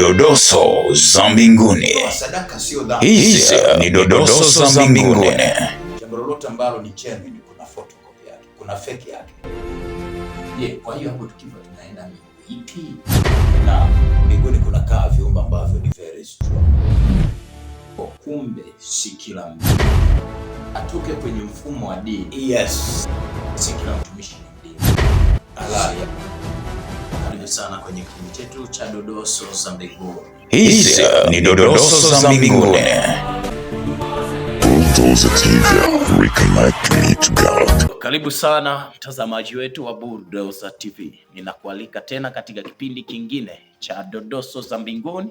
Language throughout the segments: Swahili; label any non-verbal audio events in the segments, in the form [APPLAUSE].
Dodoso za mbinguni. Hizi uh, ni dodoso za mbinguni. Jambo lolote ambalo ni genuine, kuna photocopy yake, kuna fake yake. Je, kwa hiyo hapo tukiwa tunaenda mbinguni ipi? Na mbinguni kuna kaa viumbe ambavyo ni very strong. Kwa Kumbe si kila mtu atoke kwenye mfumo wa dini. Yes, si kila mtumishi ni halali sana kwenye kipindi chetu cha Dodoso za Mbinguni. Hizi ni Dodoso za Mbinguni. Karibu sana mtazamaji wetu wa Bulldozer TV, ninakualika tena katika kipindi kingine cha Dodoso za Mbinguni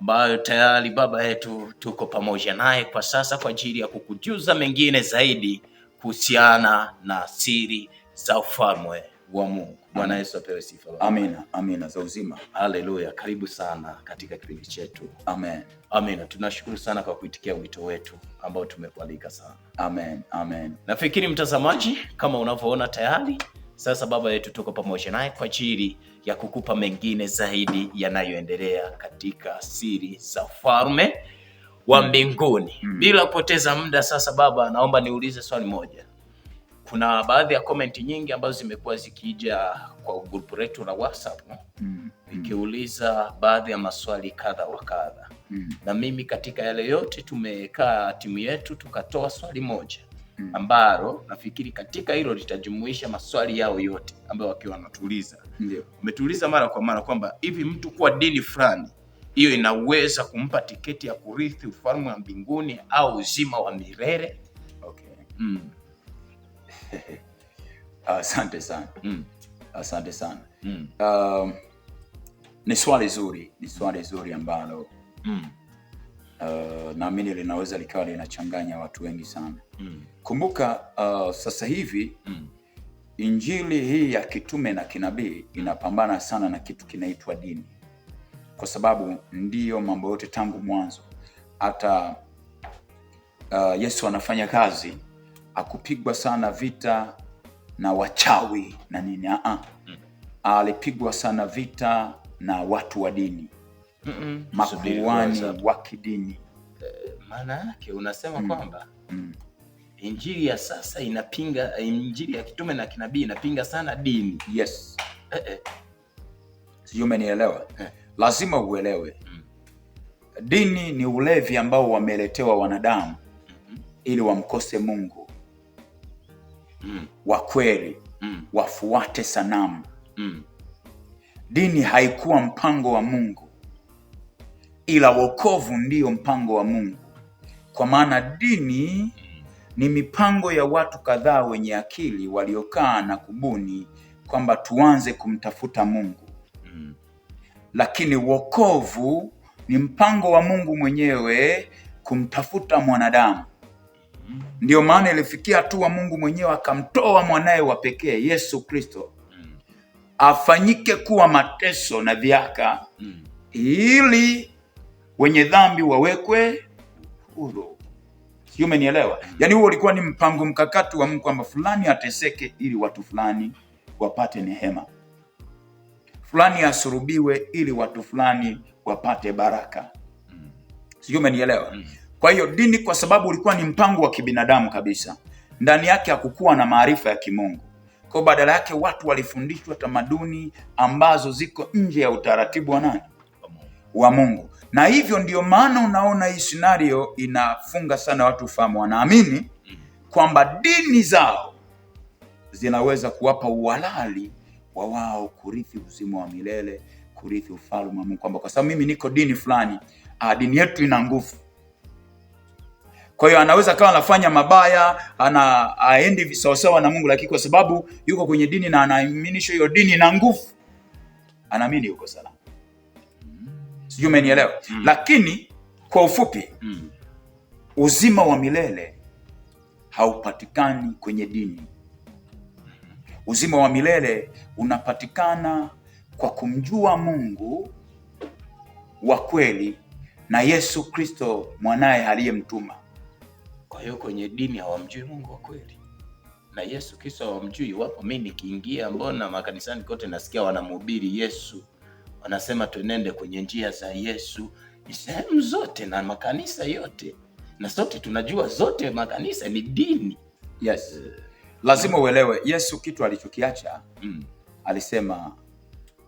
ambayo tayari baba yetu tuko pamoja naye kwa sasa kwa ajili ya kukujuza mengine zaidi kuhusiana na siri za ufalme wa Mungu. Bwana Yesu apewe sifa. Amina, amina za uzima. Haleluya. Karibu sana katika kipindi chetu. Amen. Amina. Tunashukuru sana kwa kuitikia wito wetu ambao tumekualika sana. Amen, amen. Nafikiri mtazamaji, kama unavyoona tayari sasa Baba yetu tuko pamoja naye kwa ajili ya kukupa mengine zaidi yanayoendelea katika siri za ufalme wa mbinguni. Mm. Bila kupoteza muda sasa Baba, naomba niulize swali moja kuna baadhi ya komenti nyingi ambazo zimekuwa zikija kwa grupu letu la WhatsApp mm, mm. ikiuliza baadhi ya maswali kadha wa kadha mm. na mimi katika yale yote tumekaa timu yetu tukatoa swali moja mm. ambalo nafikiri katika hilo litajumuisha maswali yao yote ambayo wakiwa wanatuuliza wametuuliza mara kwa mara kwamba hivi mtu kuwa dini fulani hiyo inaweza kumpa tiketi ya kurithi ufalme wa mbinguni au uzima wa milele okay. mm. [LAUGHS] Ah, asante sana mm. Asante sana mm. uh, ni swali zuri, ni swali zuri ambalo mm. uh, naamini linaweza likawa linachanganya watu wengi sana mm. Kumbuka uh, sasa hivi mm. Injili hii ya kitume na kinabii mm. inapambana sana na kitu kinaitwa dini, kwa sababu ndiyo mambo yote tangu mwanzo hata uh, Yesu anafanya kazi akupigwa sana vita na wachawi na nini a ah, ah. mm. alipigwa sana vita na watu wa dini mm -mm. wa kidini eh, maana yake unasema mm. kwamba mm. Injili ya sasa inapinga eh, Injili ya kitume na kinabii inapinga sana dini. Yes. Eh eh. umenielewa? Eh. Lazima uelewe mm. dini ni ulevi ambao wameletewa wanadamu mm -hmm. ili wamkose Mungu mm. wa kweli mm. wafuate sanamu mm. Dini haikuwa mpango wa Mungu, ila wokovu ndiyo mpango wa Mungu, kwa maana dini ni mipango ya watu kadhaa wenye akili waliokaa na kubuni kwamba tuanze kumtafuta Mungu mm. Lakini wokovu ni mpango wa Mungu mwenyewe kumtafuta mwanadamu ndio maana ilifikia hatua Mungu mwenyewe akamtoa mwanaye wa pekee Yesu Kristo afanyike kuwa mateso na dhihaka ili wenye dhambi wawekwe huru. Sio, umenielewa? Mm. Yaani huo ulikuwa ni mpango mkakati wa Mungu kwamba fulani ateseke ili watu fulani wapate nehema fulani asurubiwe ili watu fulani wapate baraka. Mm. Sio, umenielewa? Mm. Kwa hiyo dini, kwa sababu ulikuwa ni mpango wa kibinadamu kabisa, ndani yake hakukuwa na maarifa ya kimungu. Kwa badala yake watu walifundishwa tamaduni ambazo ziko nje ya utaratibu wa nani, wa Mungu. Na hivyo ndio maana unaona hii scenario inafunga sana watu ufahamu, wanaamini kwamba dini zao zinaweza kuwapa uhalali wa wao kurithi uzima wa milele, kurithi ufalme wa Mungu, kwamba kwa sababu mimi niko dini fulani, ah, dini yetu ina nguvu kwa hiyo anaweza kawa anafanya mabaya, ana aendi visawasawa na Mungu, lakini kwa sababu yuko kwenye dini na anaaminisha hiyo dini na nguvu, anaamini yuko salama. Sijui umenielewa? Mm. Lakini kwa ufupi mm. uzima wa milele haupatikani kwenye dini. Uzima wa milele unapatikana kwa kumjua Mungu wa kweli na Yesu Kristo mwanaye aliyemtuma. Kwa hiyo kwenye dini hawamjui Mungu wa kweli na Yesu Kristo hawamjui. wapo mimi nikiingia, mbona makanisani kote nasikia wanamhubiri Yesu, wanasema tuenende kwenye njia za Yesu, ni sehemu zote na makanisa yote, na sote tunajua zote makanisa ni dini. Yes, lazima uelewe Yesu kitu alichokiacha mm. Alisema,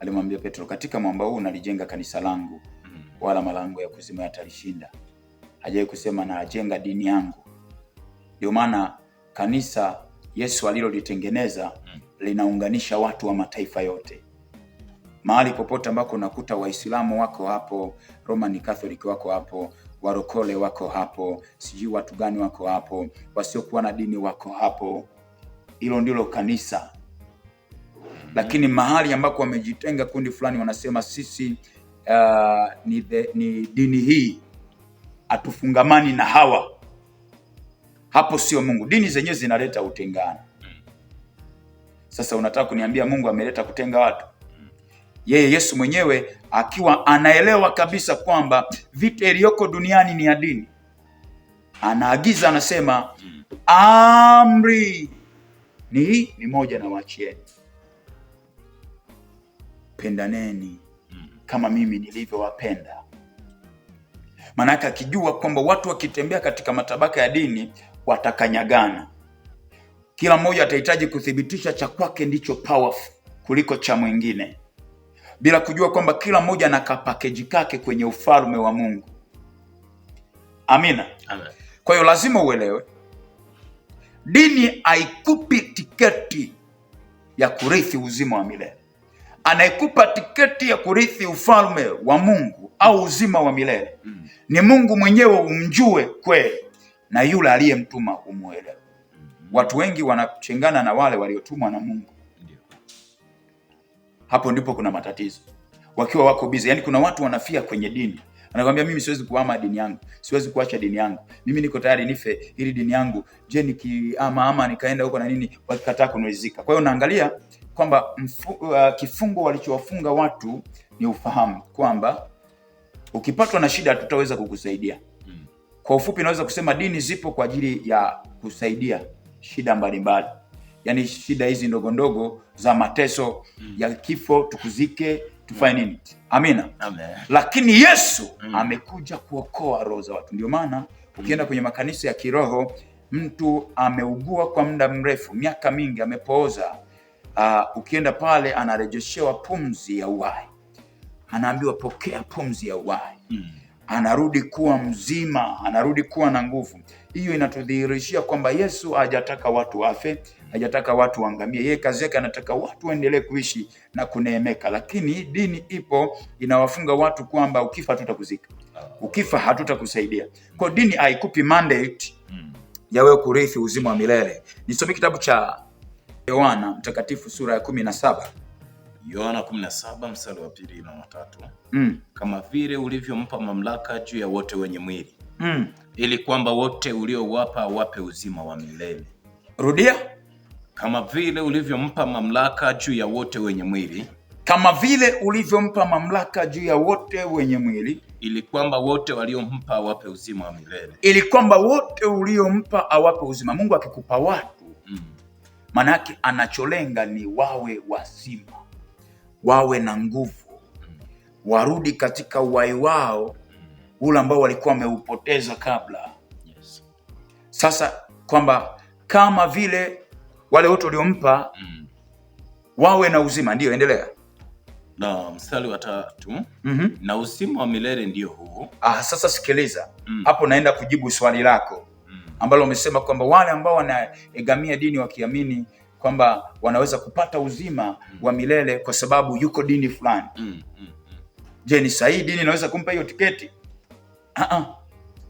alimwambia Petro, katika mwamba huu nalijenga kanisa langu mm. wala malango ya kuzimu yatalishinda. Hajawahi kusema najenga dini yangu ndio maana kanisa Yesu alilolitengeneza hmm. linaunganisha watu wa mataifa yote, mahali popote ambako unakuta Waislamu wako hapo, Roman Catholic wako hapo, warokole wako hapo, sijui watu gani wako hapo, wasiokuwa na dini wako hapo. Hilo ndilo kanisa hmm. lakini mahali ambako wamejitenga kundi fulani, wanasema sisi uh, ni, the, ni dini hii hatufungamani na hawa hapo sio Mungu. Dini zenyewe zinaleta utengano. Sasa unataka kuniambia Mungu ameleta kutenga watu? Yeye Yesu mwenyewe akiwa anaelewa kabisa kwamba vita iliyoko duniani ni ya dini, anaagiza anasema, amri ni hii, ni moja na wachieni pendaneni kama mimi nilivyowapenda. Maanake akijua kwamba watu wakitembea katika matabaka ya dini watakanyagana. Kila mmoja atahitaji kuthibitisha cha kwake ndicho powerful kuliko cha mwingine, bila kujua kwamba kila mmoja ana kapakeji kake kwenye ufalme wa Mungu. Amina, amen. Kwa hiyo lazima uelewe, dini haikupi tiketi ya kurithi uzima wa milele. Anayekupa tiketi ya kurithi ufalme wa Mungu au uzima wa milele mm, ni Mungu mwenyewe, umjue kweli na yule aliyemtuma umuelewe. Mm-hmm. Watu wengi wanachengana na wale waliotumwa na Mungu. Hapo ndipo kuna matatizo, wakiwa wako bize. Yani kuna watu wanafia kwenye dini, anakwambia mimi siwezi kuhama dini yangu, siwezi kuacha dini yangu, mimi niko tayari nife ili dini yangu. Je, nikiama ama nikaenda huko na nini? Wakikataa kuniridhika. Kwa hiyo naangalia kwamba uh, kifungo walichowafunga watu ni ufahamu kwamba ukipatwa na shida tutaweza kukusaidia kwa ufupi, naweza kusema dini zipo kwa ajili ya kusaidia shida mbalimbali, yani shida hizi ndogo ndogo za mateso mm. ya kifo, tukuzike tufanye mm. nini? Amina, amen. Lakini Yesu mm. amekuja kuokoa roho za watu, ndio maana mm. ukienda kwenye makanisa ya kiroho mtu ameugua kwa muda mrefu, miaka mingi amepooza. Uh, ukienda pale anarejeshewa pumzi ya uhai, anaambiwa pokea pumzi ya uhai mm anarudi kuwa mzima, anarudi kuwa na nguvu. Hiyo inatudhihirishia kwamba Yesu hajataka watu wafe, hajataka watu waangamie. Yeye kazi yake anataka watu waendelee kuishi na kuneemeka, lakini dini ipo inawafunga watu kwamba ukifa hatutakuzika, ukifa hatutakusaidia. Kwa dini haikupi mandate hmm. ya wewe kurithi uzima wa milele. Nisome kitabu cha Yohana Mtakatifu sura ya kumi na saba Yohana 17 mstari wa pili na watatu mm. kama vile ulivyompa mamlaka juu ya wote wenye mwili mm. ili kwamba wote uliowapa wape uzima wa milele. Rudia, kama vile ulivyompa mamlaka juu ya wote wenye mwili kama vile ulivyompa mamlaka juu ya wote wenye mwili ili kwamba wote waliompa awape uzima wa milele, ili kwamba wote uliompa awape uzima. Mungu akikupa watu, mm. maana yake anacholenga ni wawe wazima wawe na nguvu, warudi katika uhai wao ule ambao walikuwa wameupoteza kabla. Yes. Sasa kwamba kama vile wale wote waliompa mm. wawe na uzima. ndio endelea na mstari wa tatu. mm -hmm. na uzima wa milele ndio huu. Ah, sasa sikiliza mm. hapo naenda kujibu swali lako mm. ambalo umesema kwamba wale ambao wanaegamia dini wakiamini kwamba wanaweza kupata uzima mm. wa milele kwa sababu yuko dini fulani mm. mm. mm. Je, ni sahihi dini inaweza kumpa hiyo tiketi? uh-uh.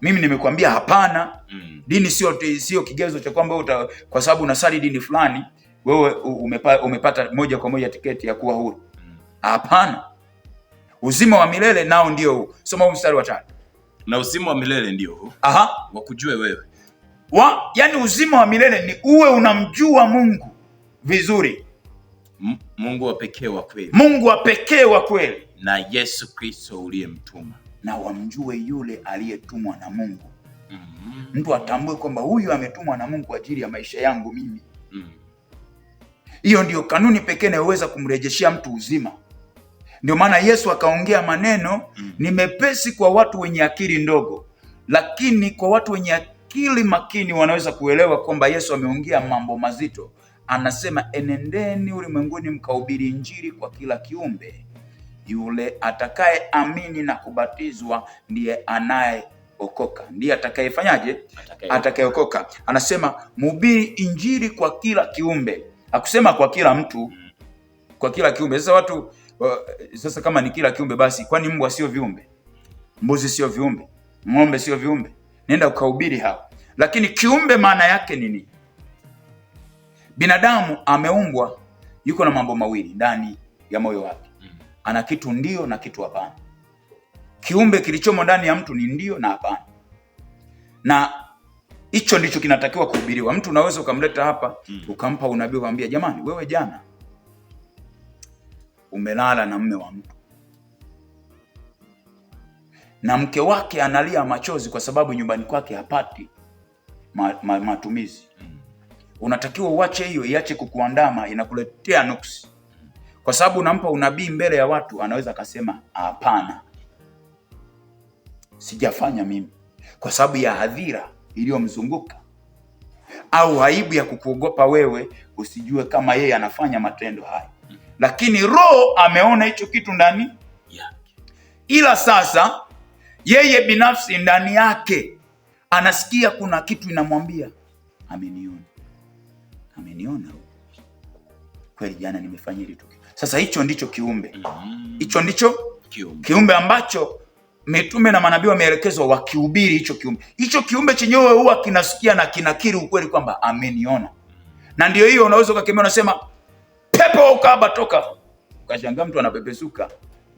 mimi nimekuambia hapana mm. Dini sio sio kigezo cha kwamba kwa sababu unasali dini fulani wewe umepa, umepata moja kwa moja tiketi ya kuwa huru mm. hapana. mm. Uzima wa milele nao ndio huu. Soma huu mstari wa tatu. Na uzima wa milele ndio huu wakujue wewe wa, yani uzima wa milele ni uwe unamjua Mungu vizuri. Mungu wa pekee wa kweli, Mungu wa pekee wa kweli, na Yesu Kristo uliyemtuma, na wamjue yule aliyetumwa na Mungu. mm -hmm. Mtu atambue kwamba huyu ametumwa na Mungu kwa ajili ya maisha yangu mimi. mm hiyo -hmm. Ndiyo kanuni pekee inayoweza kumrejeshea mtu uzima. Ndio maana Yesu akaongea maneno mm. ni mepesi kwa watu wenye akili ndogo, lakini kwa watu wenye akili makini wanaweza kuelewa kwamba Yesu ameongea mambo mazito anasema enendeni ulimwenguni mkaubiri Injili kwa kila kiumbe. Yule atakaye amini na kubatizwa ndiye anayeokoka, ndiye atakayefanyaje? Atakayeokoka. Anasema mhubiri Injili kwa kila kiumbe, akusema kwa kila mtu, mm. kwa kila kiumbe. Sasa watu sasa, kama ni kila kiumbe, basi kwani mbwa sio viumbe? Mbuzi sio viumbe? Ng'ombe sio viumbe? Nenda ukahubiri hapo. Lakini kiumbe maana yake nini? Binadamu ameumbwa yuko na mambo mawili ndani ya moyo wake, mm. ana kitu ndio na kitu hapana. Kiumbe kilichomo ndani ya mtu ni ndio na hapana, na hicho ndicho kinatakiwa kuhubiriwa. Mtu unaweza ukamleta hapa mm. ukampa unabii, ukamwambia jamani, wewe jana umelala na mme wa mtu na mke wake analia machozi kwa sababu nyumbani kwake hapati ma, ma, matumizi mm unatakiwa uache hiyo, iache kukuandama, inakuletea nuksi, kwa sababu unampa unabii mbele ya watu, anaweza akasema hapana, sijafanya mimi, kwa sababu ya hadhira iliyomzunguka au aibu ya kukuogopa wewe, usijue kama yeye anafanya matendo haya, lakini Roho ameona hicho kitu ndani yake, ila sasa yeye binafsi ndani yake anasikia kuna kitu inamwambia ameniona ameniona kweli, jana nimefanya hili tukio. Sasa hicho ndicho kiumbe mm-hmm. hicho, mm. ndicho kiumbe, kiumbe ambacho mitume na manabii wameelekezwa wakihubiri hicho kiumbe. Hicho kiumbe chenyewe huwa kinasikia na kinakiri ukweli kwamba ameniona, mm-hmm. na ndio hiyo unaweza ukakemea, unasema pepo ukaba toka, ukashangaa mtu anapepesuka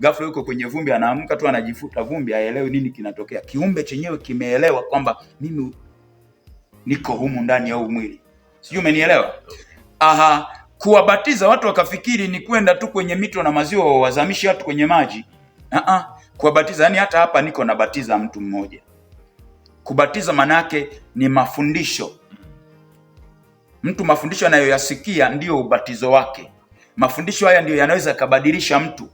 ghafla, yuko kwenye vumbi, anaamka tu anajifuta vumbi, haelewi nini kinatokea. Kiumbe chenyewe kimeelewa kwamba mimi niko humu ndani ya huu mwili sijui umenielewa. Aha, kuwabatiza watu wakafikiri ni kwenda tu kwenye mito na maziwa wazamishi watu kwenye maji. Aha, kuwabatiza yani, hata hapa niko nabatiza mtu mmoja. Kubatiza maana yake ni mafundisho mtu, mafundisho anayoyasikia ndiyo ubatizo wake. Mafundisho haya ndiyo yanaweza yakabadilisha mtu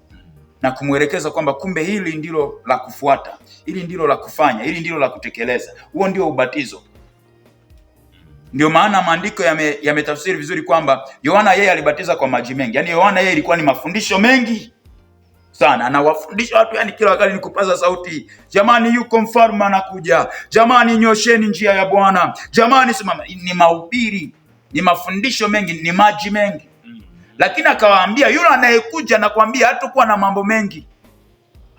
na kumwelekeza kwamba kumbe hili ndilo la kufuata, hili ndilo la kufanya, hili ndilo la kutekeleza. Huo ndio ubatizo. Ndio maana maandiko yametafsiri yame vizuri kwamba Yohana yeye alibatiza kwa maji mengi, yaani Yohana yeye ilikuwa ni mafundisho mengi sana anawafundisha watu yani, kila wakati nikupaza sauti, jamani, yuko mfalme anakuja, jamani, nyosheni njia ya Bwana, jamani, simama. Ni mahubiri, ni mafundisho mengi, ni maji mengi mm. Lakini akawaambia yule anayekuja, nakwambia hatakuwa na mambo mengi,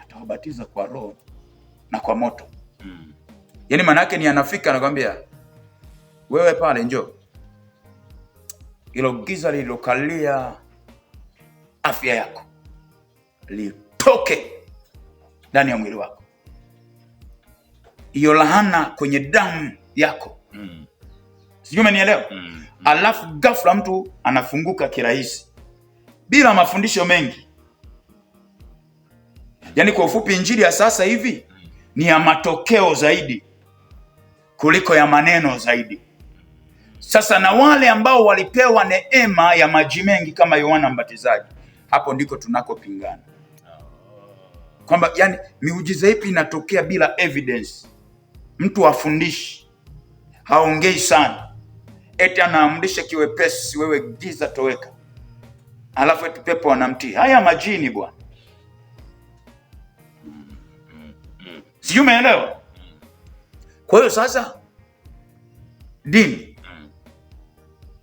atawabatiza kwa Roho na kwa moto mm. Yani maana yake ni anafika, anakwambia wewe pale njo ilo giza lililokalia afya yako litoke ndani ya mwili wako, hiyo laana kwenye damu yako mm. Sijui umenielewa mm. mm. Alafu ghafla mtu anafunguka kirahisi bila mafundisho mengi. Yaani kwa ufupi, injili ya sasa hivi mm. ni ya matokeo zaidi kuliko ya maneno zaidi. Sasa na wale ambao walipewa neema ya maji mengi kama Yohana Mbatizaji, hapo ndiko tunakopingana kwamba yani, miujiza ipi inatokea bila evidence? Mtu afundishi haongei sana, eti anaamrisha kiwepesi, wewe giza toweka, alafu eti pepo wanamtii. Haya majini bwana, sijui umeelewa? Kwa hiyo sasa dini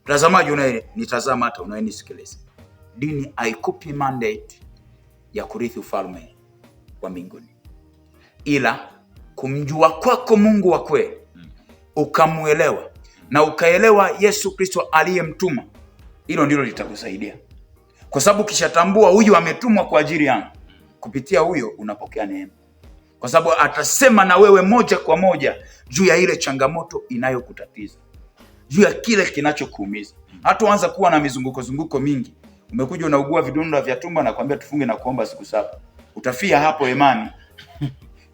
Mtazamaji nitazama hata unayenisikiliza, dini haikupi mandate ya kurithi ufalme wa mbinguni, ila kumjua kwako Mungu wa kweli ukamuelewa na ukaelewa Yesu Kristo aliyemtuma, hilo ndilo litakusaidia, kwa sababu ukishatambua huyu ametumwa kwa ajili yangu, kupitia huyo unapokea neema, kwa sababu atasema na wewe moja kwa moja juu ya ile changamoto inayokutatiza juu ya kile kinachokuumiza. Hatuanza kuwa na mizunguko zunguko mingi. Umekuja unaugua vidonda vya tumbo na kwambia tufunge na kuomba siku saba, utafia hapo hemani. [LAUGHS]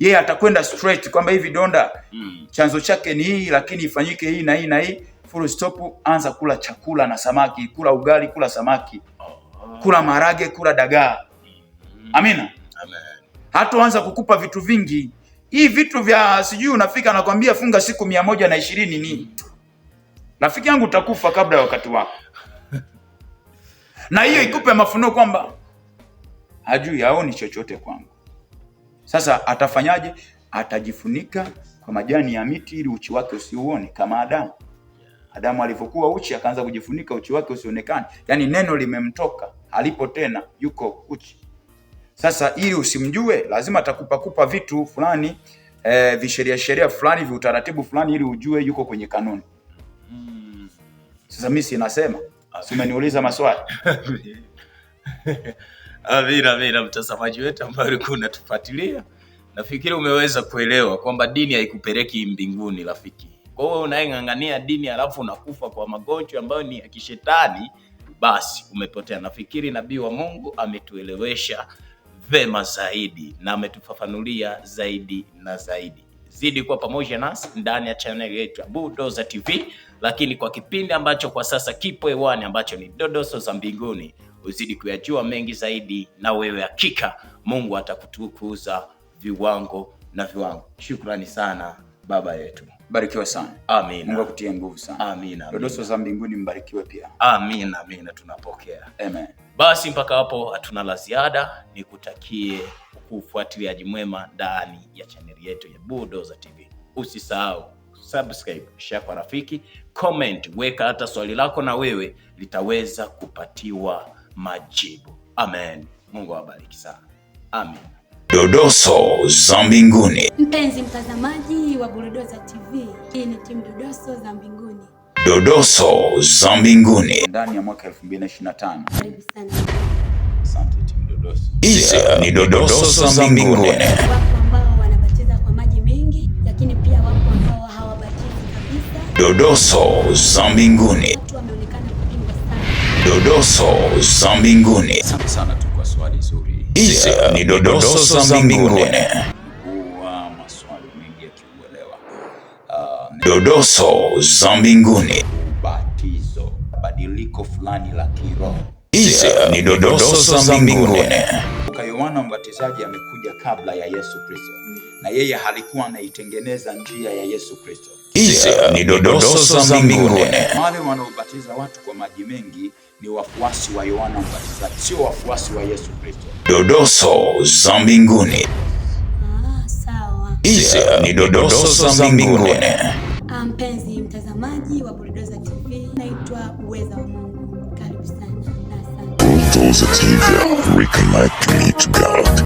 Yeye yeah, atakwenda straight kwamba hii vidonda mm. chanzo chake ni hii, lakini ifanyike hii na hii na hii, full stop. Anza kula chakula na samaki, kula ugali, kula samaki, oh. kula marage, kula dagaa. Mm-hmm. Amina, amen. Hatuanza kukupa vitu vingi, hii vitu vya sijui unafika nakwambia funga siku mia moja na ishirini ni mm. Rafiki yangu utakufa kabla ya wakati wako, na hiyo ikupe mafunuo kwamba hajui, haoni chochote kwangu. Sasa atafanyaje? Atajifunika kwa majani ya miti ili uchi wake usiuone, kama Adamu. Adamu alivyokuwa uchi akaanza kujifunika uchi wake usionekane, yaani neno limemtoka, alipo tena, yuko uchi. Sasa ili usimjue, lazima atakupakupa vitu fulani, eh, visheria sheria fulani, viutaratibu fulani, ili ujue yuko kwenye kanuni. Sasa mimi sinasema, umeniuliza maswali Amina, [LAUGHS] amina, mtazamaji wetu ambaye ulikuwa unatufuatilia, nafikiri umeweza kuelewa kwamba dini haikupeleki mbinguni rafiki. Kwa hiyo unayeng'ang'ania dini alafu unakufa kwa magonjwa ambayo ni ya kishetani, basi umepotea. Nafikiri nabii wa Mungu ametuelewesha vema zaidi na ametufafanulia zaidi na zaidi. Zidi kuwa pamoja nasi ndani ya chaneli yetu ya Bulldozer TV lakini kwa kipindi ambacho kwa sasa kipo hewani ambacho ni Dodoso za Mbinguni, uzidi kuyajua mengi zaidi, na wewe hakika Mungu atakutukuza viwango na viwango. Shukrani sana baba yetu, barikiwe sana. Amina. Mungu akutie nguvu sana. Amina. Dodoso za Mbinguni mbarikiwe pia. Amina, amina, tunapokea. Amen. Basi mpaka hapo hatuna la ziada, nikutakie kufuatiliaji mwema ndani ya chaneli yetu ya budoza TV. Usisahau subscribe, share kwa rafiki, comment, weka hata swali lako na wewe litaweza kupatiwa majibu. Amen. Mungu awabariki sana. Amen. Dodoso za mbinguni. Mpenzi mtazamaji wa Bulldozer TV, hii ni timu Dodoso za mbinguni. Dodoso za mbinguni ndani ya mwaka 2025. Karibu sana. Asante timu Dodoso. Hizi ni Dodoso za mbinguni. Dodoso za mbinguni, dodoso za mbinguni. Asante sana tu kwa swali zuri. Hizi ni dodoso za mbinguni. Huwa maswali mengi yakikuelewa. Ah, dodoso za mbinguni, Batizo, badiliko fulani la kiroho. Hizi ni dodoso za mbinguni. Kwa Yohana Mbatizaji amekuja kabla ya Yesu Kristo, na yeye halikuwa anaitengeneza njia ya Yesu Kristo Hizi uh, uh, ni dodoso za mbinguni. Wale wanaobatiza watu kwa maji mengi ni wafuasi wa Yohana Mbatizaji, sio wafuasi wa Yesu Kristo. Dodoso za mbinguni. Ah, Hizi uh, ni dodoso za mbinguni. Ah, mpenzi mtazamaji wa Bulldoza TV, naitwa Uweza wa Mungu. Karibu sana. Bulldoza TV, reconnect me to God.